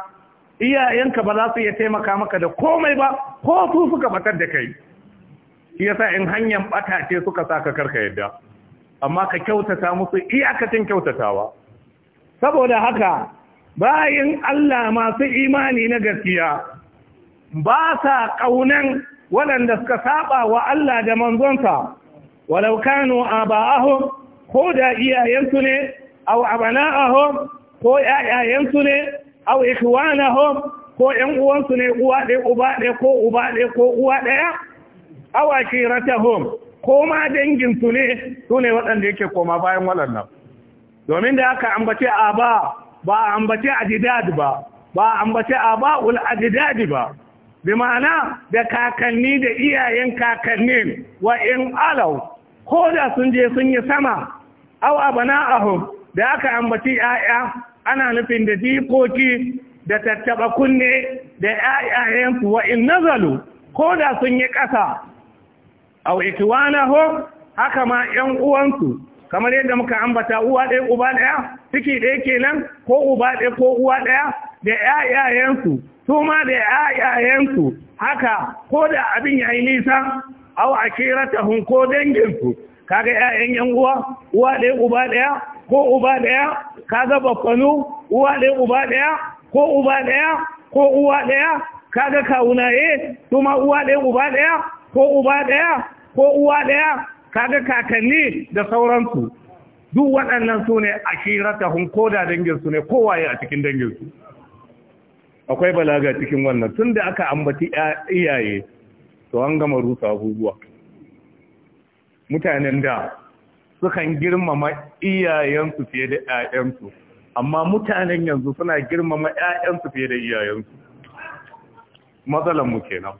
iyayenka ba za su iya taimaka maka da komai ba ko su suka batar da kai shi yasa in hanyar bata ce suka sa ka karka yadda amma ka kyautata musu iyakacin kyautatawa saboda haka bayan Allah masu imani na gaskiya ba sa ƙaunan waɗanda suka saba wa Allah da manzonsa walau kanu aba'ahum ko da iyayensu ne aw abana'ahum ko yayayensu ne aw ikhwanahum ko ƴan uwansu ne uwa ɗaya uba ɗaya ko uba ɗaya ko uwa ɗaya aw ko ma dangin su ne su ne waɗanda yake koma bayan waɗannan domin da aka ambace baa, ba a ambace ajdad ba ba a ambace aba'ul ajdad ba bi ma'ana da kakanni da iyayen kakannin wa in alaw ko da sun je sun yi sama aw aho da aka ambaci 'ya'ya ana nufin da jikoki da tattaba kunne da ƴaƴayensu wa in nazalu ko da sun yi ƙasa aw ikwanahum haka ma 'yan uwansu kamar yadda muka ambata uwa ɗaya uba ɗaya ciki ɗaya kenan ko uba ɗaya ko uwa ɗaya da yayayansu su ma da yayayansu haka ko da abin yayi nisa Au a aw akiratahum ko danginsu kaga ƴaƴan yan uwa uwa ɗaya uba ɗaya ko uba ɗaya kaga baffanu uwa ɗaya uba ɗaya ko uba ɗaya ko uwa ɗaya kaga kawunaye kuma uwa ɗaya uba ɗaya ko uba ɗaya ko uwa ɗaya kaga kakanni da sauransu duk waɗannan su ne a ta ko da danginsu ne kowaye a cikin danginsu akwai balaga cikin wannan tun da aka ambaci iyaye to an gama rusa abubuwa mutanen da sukan girmama iyayensu fiye da 'ya'yansu amma mutanen yanzu suna girmama 'ya'yansu fiye da iyayensu matsalanmu kenan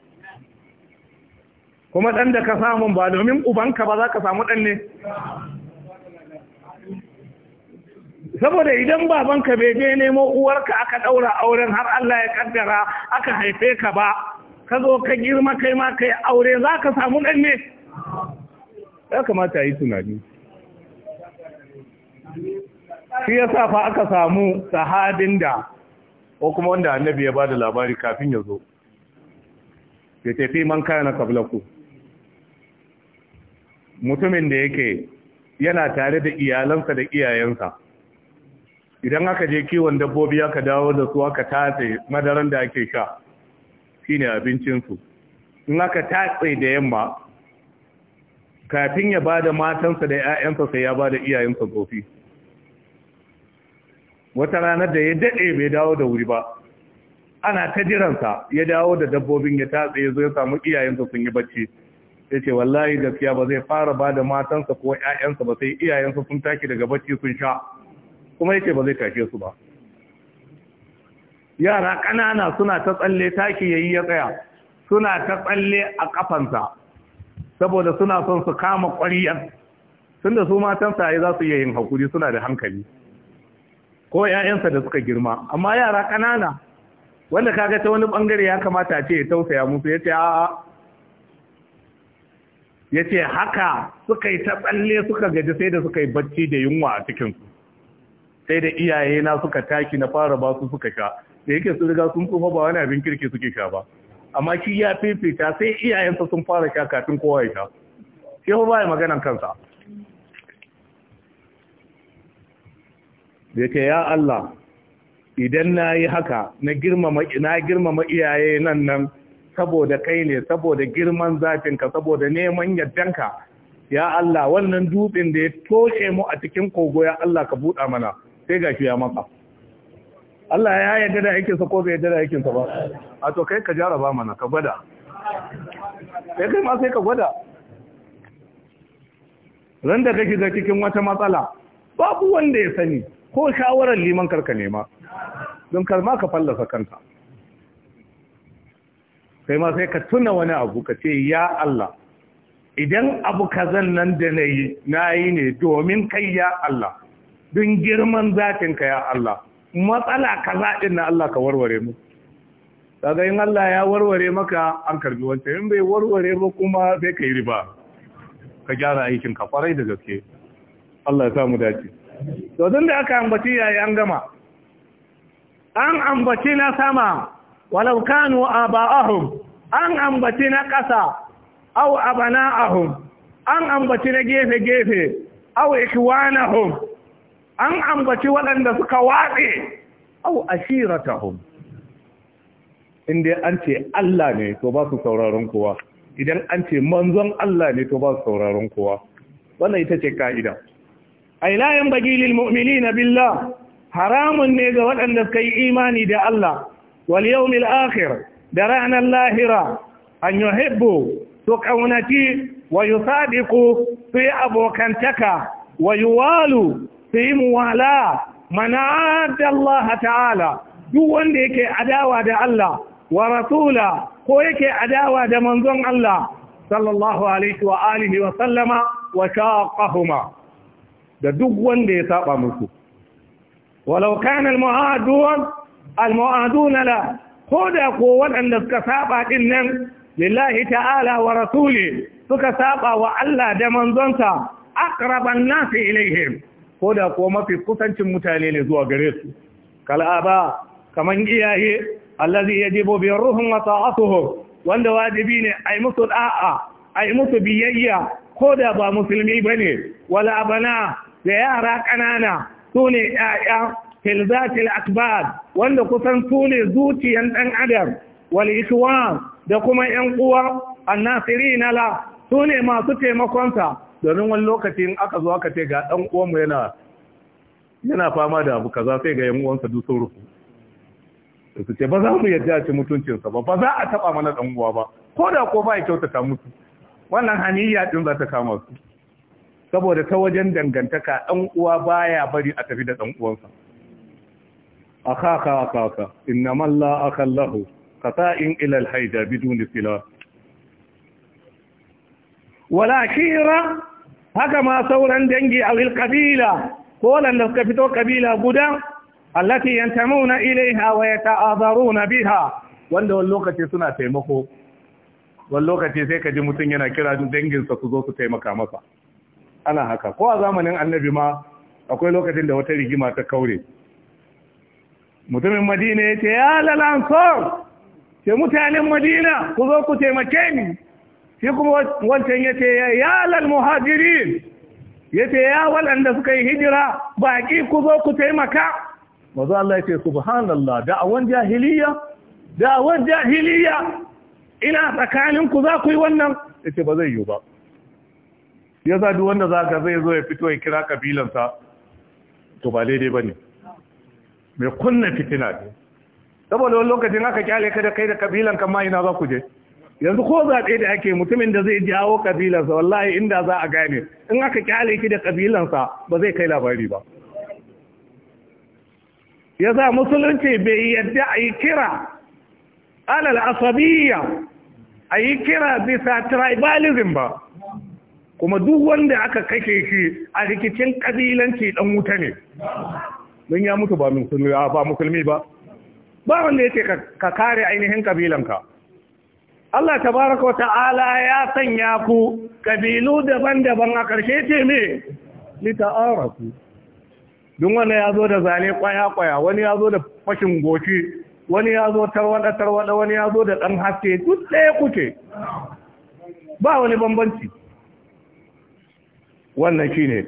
kuma ɗan da ka samun ba domin ubanka ba za ka samu ɗan ne saboda idan babanka bai je nemo uwarka aka ɗaura auren har Allah ya kaddara aka haife ka ba ka zo ka girma kai ma kai aure za ka samu ɗan ne ya kamata yi tunani shi ya sa fa aka samu sahabin da ko kuma wanda annabi ya ba da labari kafin ya zo ya tafi man kaya na kablaku mutumin da yake yana tare da iyalansa da iyayensa idan aka je kiwon dabbobi aka dawo da su aka tatse madaran da ake sha shine abincinsu in aka tatse da yamma kafin ya ba da matansa da 'ya'yansa sai ya bada da iyayensa gofi wata ranar da ya daɗe bai dawo da wuri ba ana ta jiransa ya dawo da dabbobin ya tatse ya zo ya samu iyayensa sun yi bacci ya ce wallahi gaskiya ba zai fara ba da matansa ko 'ya'yansa ba sai iyayensa sun taki daga bacci sun sha kuma ya ce ba zai tashe su ba yara ƙanana suna ta tsalle taki yayi ya tsaya suna ta tsalle a ƙafansa, saboda suna son su kama ƙwariyar da su matan saye za su iya yin hakuri suna da hankali ko 'ya'yansa da suka girma amma yara ƙanana wanda kaga ta wani bangare ya kamata ce ya tausaya musu yace a'a yace haka suka yi ta tsalle suka gaji sai da suka yi bacci da yunwa a cikinsu. sai da iyaye na suka taki na fara ba su suka sha da yake sun riga sun tsufa ba wani abin kirki suke sha ba amma shi ya fifita sai iyayensa sun fara sha kafin kowa ya sha shi ba ya maganan kansa da yake ya Allah idan na yi haka na girmama iyaye nan nan saboda kai ne saboda girman zafin ka saboda neman ka ya Allah wannan dubin da ya toshe mu a cikin kogo ya Allah ka buɗa mana sai gashi ya maka Allah ya yarda da aikinsa ko bai yarda da aikinsa ba a to kai ka jaraba mana ka gwada Sai kai ma sai ka gwada ran da kake ga cikin wata matsala babu wanda ya sani ko shawarar liman karka nema don karma ka fallasa kanta. sai ma sai ka tuna wani abu ka ce ya Allah idan abu kazan nan da na yi ne domin kai ya Allah don girman zakin ka ya Allah matsala ka zaɗin na Allah ka warware mu kaga yin Allah ya warware maka an karbi wancan in bai warware ba kuma sai ka yi riba ka gyara aikin ka kwarai da gaske Allah ya samu dace to da aka ambaci yayi an gama an ambaci na sama walau kanu ba'ahun, an ambaci na ƙasa au abana ahun, an ambaci na gefe gefe aw ikwanahum an ambaci waɗanda suka watse au ashiratahum in an ce Allah ne to ba su sauraron kowa idan an ce manzon Allah ne to ba su sauraron kowa wannan ita ce ka'ida ai la yanbaghi lil mu'minina billah haramun ne ga waɗanda suka yi imani da Allah wal yawmil akhir da ranar lahira an yuhibbu su kaunaci wa yusadiqu su yi abokantaka wa yuwalu سيم ولا منادى الله تعالى دون ديك عداوة دا الله ورسولا قويك عداوة دا منظم الله صلى الله عليه وآله وسلم وشاقهما دا دون دي ساقا ولو كان المعادون المعادون لا خدا قوة أن تكسابا إنن لله تعالى ورسوله تكسابا وعلا دا منظمتا أقرب الناس إليهم ko da kuwa mafi kusancin mutane ne zuwa gare su kal'aba kaman iyaye allazi yajibu bi ruhum wa ta'atuhum wanda wajibi ne ai musu da'a ai musu biyayya ko da ba musulmi bane wala abana da yara kanana sune ya'ya hilzatil akbad wanda kusan sune zuciyan dan adam wal ikhwan da kuma yan uwa annasirina la sune masu taimakonsa domin wani lokaci in aka zo aka ce ga ɗan uwanmu yana yana fama da abu kaza sai ga yan uwansa duk sun rufu su ce ba za mu yadda ci mutuncinsa ba ba za a taɓa mana ɗan uwa ba ko da ko ba ya kyautata musu wannan haniya din za ta kama su saboda ta wajen dangantaka ɗan uwa baya bari a tafi da ɗan uwansa akaka akaka innama la akallahu qata'in ila alhayda ni fila. wala shira haka ma sauran dangi a wilkabila ko wadanda suka fito kabila guda allati yantamuna ilaiha wa yata'azaruna biha wanda wani lokaci suna taimako wani lokaci sai ka ji mutum yana kira danginsa su zo su taimaka masa ana haka ko a zamanin annabi ma akwai lokacin da wata rigima ta kaure mutumin madina ya ce ya lalansor ce mutanen madina ku zo ku taimake ni shi kuma wancan ya ce ya lal muhajirin ya ce ya waɗanda suka yi hijira baƙi ku zo ku taimaka mazu Allah ya ce subhanallah da'awar jahiliya Da'awar jahiliya ina tsakanin ku za ku yi wannan ya ce ba zai yi ba ya za duk wanda za ka zai zo ya fito ya kira kabilansa to ba daidai ba ne mai kunna fitina ne saboda wani lokacin aka kyale ka da kai da kabilan kan ma ina za ku je yanzu ko zaɓe da ake mutumin da zai jawo ƙabilarsa wallahi inda za a gane in aka kyale ki da kabilansa ba zai kai labari ba ya za musulunci bai yadda a yi kira alal asabiya a yi kira bisa tribalism ba kuma duk wanda aka kashe shi a rikicin ƙabilanci dan wuta ne don ya mutu ba musulmi ba ba wanda ya ka kare ainihin ƙabilanka Allah tabaraka wa ta'ala ya sanya ku kabilu daban-daban a ƙarshe ce me lita'arafu don wani ya zo da zane kwaya-kwaya wani ya zo da fashin goshi wani ya zo tarwada-tarwada wani ya zo da ɗan haske duk ɗaya kuke ba wani bambanci wannan shi ne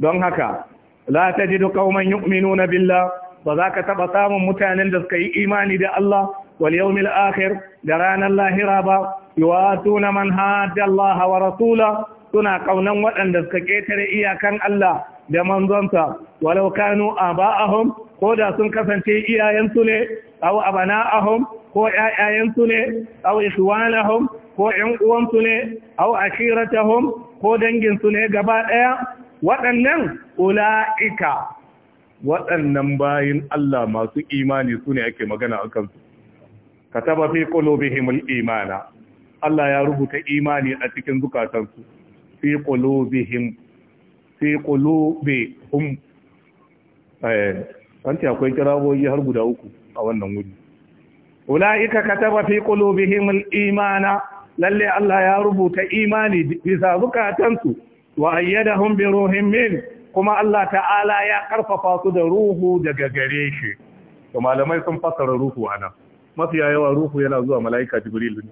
don haka la ta ji duk kauman yu'minu na billa ba za ka taɓa samun mutanen da suka yi imani da Allah wal yawmil akhir da ranar lahira ba yuwatuna man hadda Allah wa rasula suna ƙaunan waɗanda suka ketare iyakan Allah da manzonsa walau kanu aba'ahum ko da sun kasance iyayensu ne aw abana'ahum ko ƴaƴayensu ne aw ikhwanahum ko 'yan uwansu ne aw ashiratahum ko danginsu ne gaba ɗaya waɗannan ula'ika waɗannan bayan Allah masu imani sune ake magana a kansu kataba fi qulubihim al-imana Allah ya rubuta imani a cikin zukatansu fi qulubihim fi qulubihum eh anti akwai kirawoyi har guda uku a wannan wuri ulaika kataba fi qulubihim al-imana lalle Allah ya rubuta imani bisa zukatansu wa ayyadahum bi ruhin min kuma Allah ta'ala ya ƙarfafa su da ruhu daga gare shi to malamai sun fassara ruhu nan. mafiya yawa ruhu yana zuwa mala'ika Jibril ne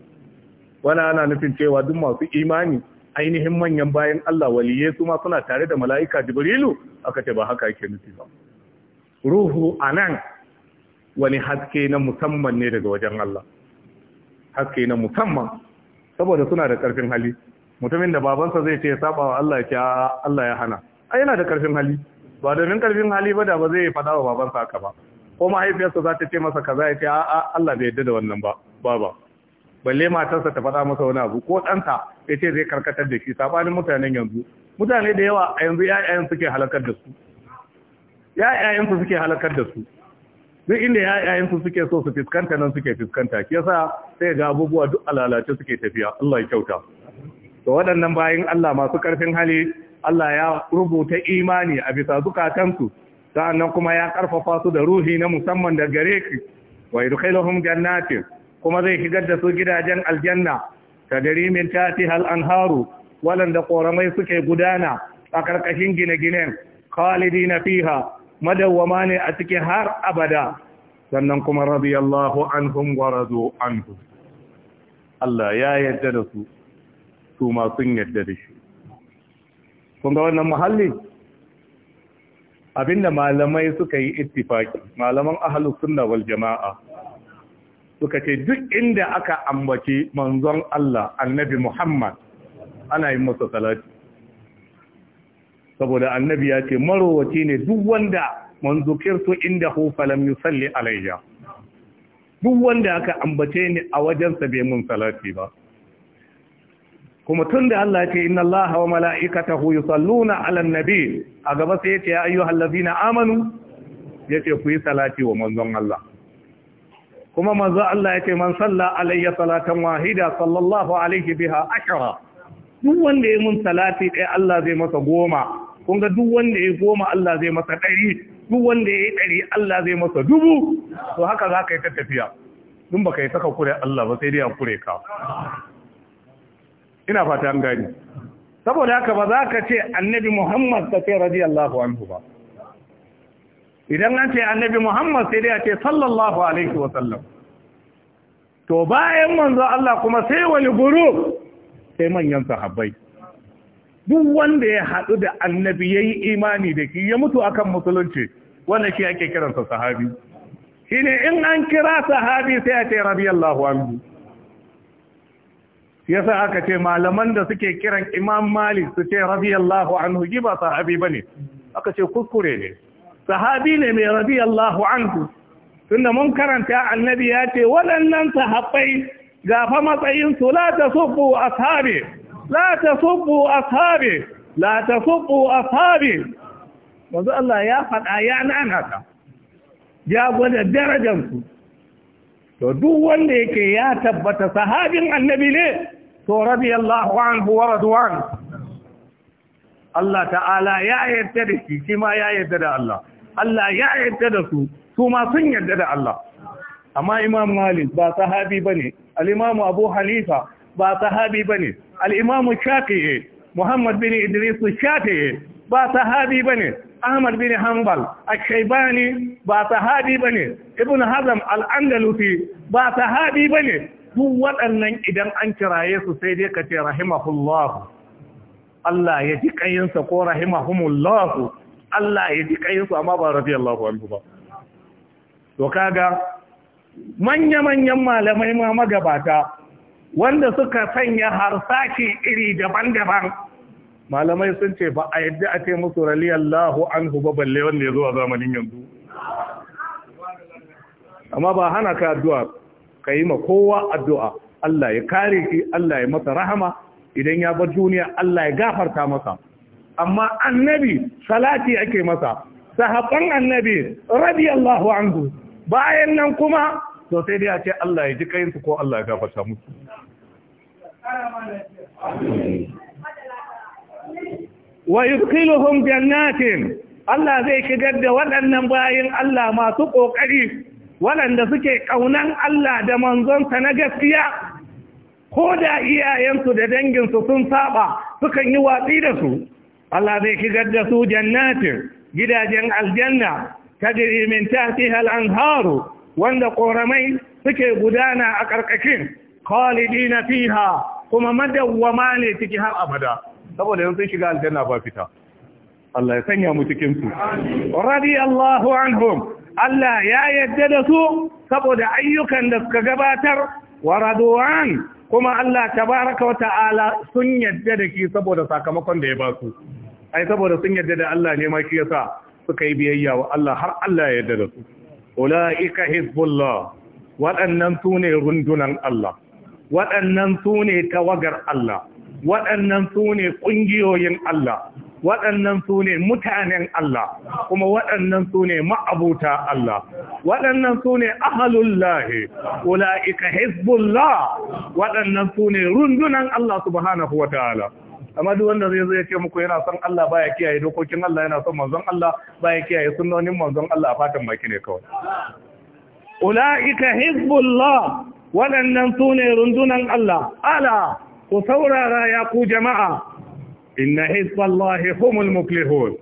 wani ana nufin cewa duk masu imani ainihin manyan bayan Allah waliye su ma suna tare da mala'ika jibrilu aka ce ba haka yake nufi ba ruhu anan wani haske na musamman ne daga wajen Allah haske na musamman saboda suna da ƙarfin hali mutumin da babansa zai ce saba wa Allah ya Allah ya hana ai yana da karfin hali ba domin ƙarfin hali ba da ba zai faɗa wa babansa haka ba ko mahaifiyarsa za ta ce masa kaza ya ce a'a Allah bai yadda da wannan ba baba balle matarsa ta faɗa masa wani abu ko ɗansa ya ce zai karkatar da shi sabanin mutanen yanzu mutane da yawa a yanzu ya'yayan suke halakar da su ya'yayan su suke halakar da su duk inda ya'yayan su suke so su fiskanta nan suke fiskanta ke yasa sai ga abubuwa duk alalace suke tafiya Allah ya kyauta to waɗannan bayan Allah masu ƙarfin hali Allah ya rubuta imani a bisa zukatansu sa'annan kuma ya karfafa su da ruhi na musamman da gare ki wa yadkhiluhum jannatin kuma zai shigar da su gidajen aljanna tadri min hal an haru waɗanda ƙoramai suke gudana a ƙarƙashin gine-ginen na fiha madawwama ne a cikin har abada sannan kuma radiyallahu anhum wa radu Allah ya yarda da su su ma sun da shi kun ga wannan muhalli abinda malamai suka yi ittifaki malaman ahlus sunna wal jama'a suka ce duk inda aka ambaci manzon Allah annabi Muhammad ana yi masa salati saboda annabi ya ce marowaci ne duk wanda manzo kirtu inda hu falam yusalli alayya duk wanda aka ambace ni a wajensa bai mun salati ba kuma tun da Allah ce inna Allah wa mala'ikatahu yusalluna ala nabi a gaba sai ya ce ya ayyuhal na amanu ya ce ku yi salati wa manzon Allah kuma manzon Allah ya ce man salla alayya salatan wahida sallallahu alaihi biha ashara duk wanda ya mun salati ɗaya Allah zai masa goma kun ga duk wanda ya goma Allah zai masa ɗari duk wanda ya yi ɗari Allah zai masa dubu to haka za ka yi ta tafiya dun baka yi saka kure Allah ba sai dai ya kure ka ina fata an gani saboda haka ba za ka ce annabi muhammad ka ce radiyallahu anhu ba idan an ce annabi muhammad sai dai a ce sallallahu alaihi wasallam to bayan manzo Allah kuma sai wani guru sai manyan sahabbai duk wanda ya haɗu da annabi ya yi imani da shi ya mutu akan musulunci wanda shi ake kiransa sahabi shine in an kira sahabi sai a ce radiyallahu anhu Ya sa aka ce malaman da suke kiran imam malik su ce radiyallahu anhu ji ba sahabi ba ne aka ce kuskure ne sahabi ne mai radiyallahu anhu tunda mun karanta annabi ya ce waɗannan sahabbai gafa matsayin su la tasubbu ashabi la tasubbu ashabi la tasubbu ashabi manzo Allah ya faɗa ya nana ta ya gwada darajar to duk wanda yake ya tabbata sahabin annabi ne to Allah anhu wa radwan Allah ta'ala ya yarda da shi shi ma ya yarda da Allah Allah ya yarda da su su ma sun yarda da Allah amma Imam Malik ba sahabi bane al-Imam Abu Hanifa ba sahabi bane al-Imam Shafi'i Muhammad bin Idris Shafi'i ba sahabi bane Ahmad bin Hanbal Al-Shaybani ba sahabi bane Ibn Hazm Al-Andalusi ba sahabi bane Tun waɗannan idan an kiraye su sai dai ka ce rahimahullah Allah ya ji kayinsa ko rahimahumullah Allah ya ji kayinsa amma ba radiyallahu anhu ba to kaga manya-manyan malamai ma magabata wanda suka sanya harsashi iri daban-daban malamai sun ce ba a yadda a ce musu radiyallahu anhu ba balle wanda ya zo a zamanin yanzu amma ba hana ka addu'a ka yi ma kowa addu'a Allah ya kare shi Allah ya mata rahama idan ya bar duniya Allah ya gafarta masa amma annabi salati ake masa sahabban annabi radiyallahu anhu bayan nan kuma to sai dai a ce Allah ya ji kayinsu ko Allah ya gafarta musu wa yudkhiluhum jannatin Allah zai shigar da waɗannan bayin Allah masu ƙoƙari waɗanda suke ƙaunan Allah da manzonsa na gaskiya ko da iyayensu da danginsu sun saba sukan yi watsi da su Allah zai shigar da su jannatin gidajen aljanna ta min tahtiha al-anharu wanda ƙoramai suke gudana a ƙarƙashin na fiha kuma madawwama ne ciki har abada saboda yanzu sun shiga aljanna ba fita Allah ya sanya mu cikinsu radiyallahu anhum Allah ya yadda da su saboda ayyukan da suka gabatar wa raduwan kuma Allah tabaraka wa ta'ala sun yadda da shi saboda sakamakon da ya ba su ai saboda sun yadda da Allah ne ma shi yasa suka yi biyayya wa Allah har Allah ya yadda da su ulaika hizbullah waɗannan sune rundunan Allah waɗannan sune tawagar Allah waɗannan sune ƙungiyoyin Allah waɗannan su ne mutanen Allah kuma waɗannan su ne ma'abuta Allah waɗannan su ne ahalullahi ula'ika hizbullah waɗannan su ne rundunan Allah subhanahu wa ta'ala amma duk wanda zai zai ce muku yana son Allah baya kiyaye dokokin Allah yana son manzon Allah baya kiyaye sunnonin manzon Allah a fatan baki ne kawai ula'ika hizbullah waɗannan su ne rundunan Allah ala ku saurara ya ku jama'a inna hisballahi humul muflihun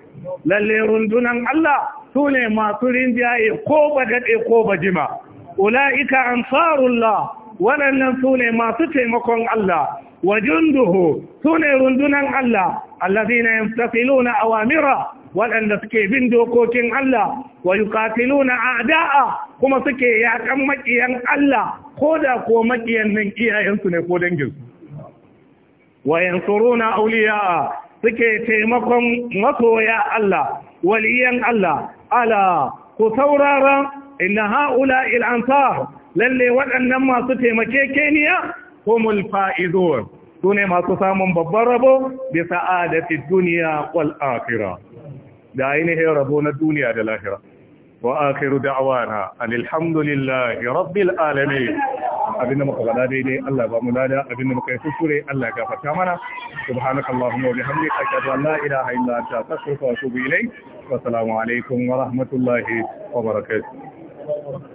lalle rundunan Allah sune masu rinjaye ko ba daɗe ko ba jima ulaika ansarullah waɗannan sune masu taimakon Allah wa junduhu sune rundunan Allah allazina yamtasiluna awamira waɗanda suke bin dokokin Allah wa yuqatiluna a'da'a kuma suke yakan maƙiyan Allah ko da ko maƙiyan nan iyayensu ne ko danginsu wa yansuruna suke taimakon masoya Allah waliyan Allah ala ku saurara inna haula il ansar lalle waɗannan masu taimakekeniya humul fa'izun sune masu samun babban rabo bi sa'adati dunya wal akhirah da ainihin rabo na duniya da lahira wa akhiru da'wana alhamdulillahi rabbil alamin abinda muka faɗa daidai Allah ba mu lada abinda muka yi kuskure Allah ya gafarta mana subhanaka allahumma wa bihamdika ashhadu an la ilaha illa anta astaghfiruka wa atubu ilayk wa assalamu alaikum wa rahmatullahi wa barakatuh